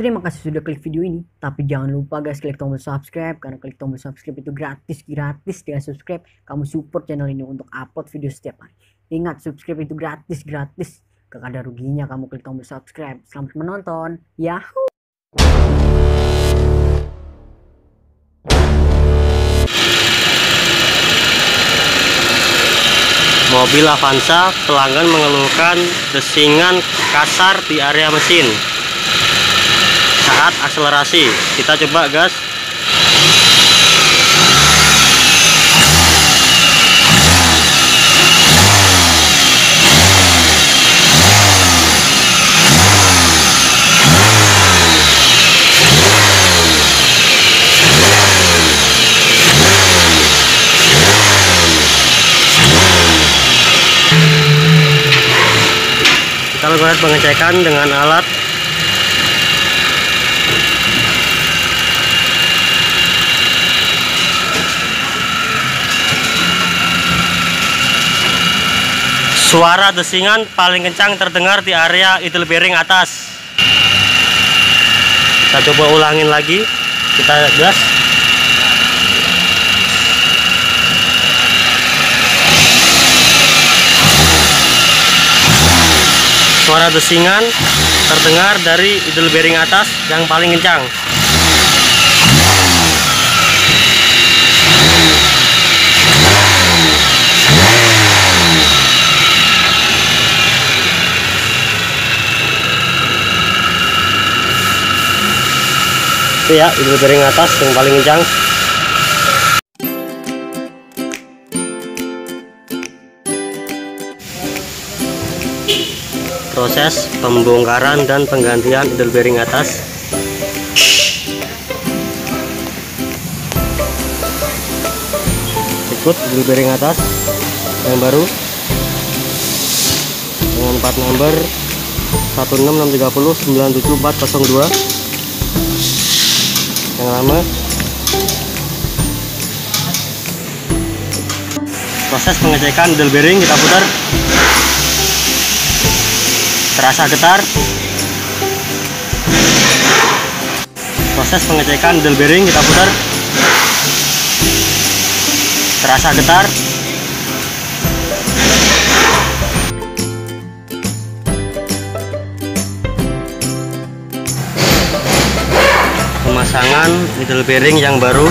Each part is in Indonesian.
Terima kasih sudah klik video ini, tapi jangan lupa guys klik tombol subscribe karena klik tombol subscribe itu gratis, gratis dengan subscribe kamu support channel ini untuk upload video setiap hari. Ingat subscribe itu gratis, gratis. Gak ada ruginya kamu klik tombol subscribe. Selamat menonton. Yahoo. Mobil Avanza pelanggan mengeluhkan desingan kasar di area mesin saat akselerasi kita coba gas kita lakukan pengecekan dengan alat Suara desingan paling kencang terdengar di area idle bearing atas. Kita coba ulangin lagi. Kita gas. Suara desingan terdengar dari idle bearing atas yang paling kencang. itu ya ibu piring atas yang paling kencang proses pembongkaran dan penggantian idel bearing atas ikut idel bearing atas yang baru dengan part number 1663097402 yang lama proses pengecekan del bearing kita putar terasa getar proses pengecekan del bearing kita putar terasa getar pemasangan middle bearing yang baru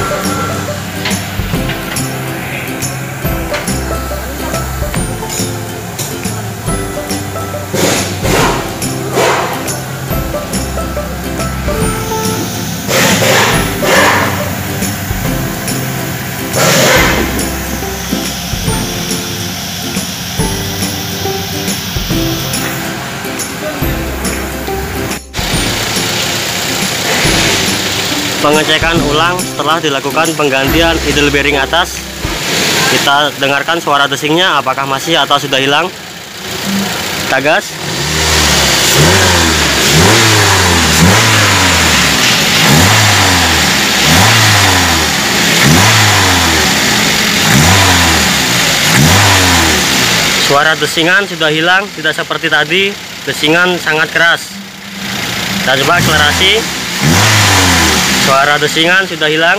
pengecekan ulang setelah dilakukan penggantian idle bearing atas kita dengarkan suara desingnya apakah masih atau sudah hilang kita gas suara desingan sudah hilang tidak seperti tadi desingan sangat keras kita coba akselerasi suara desingan sudah hilang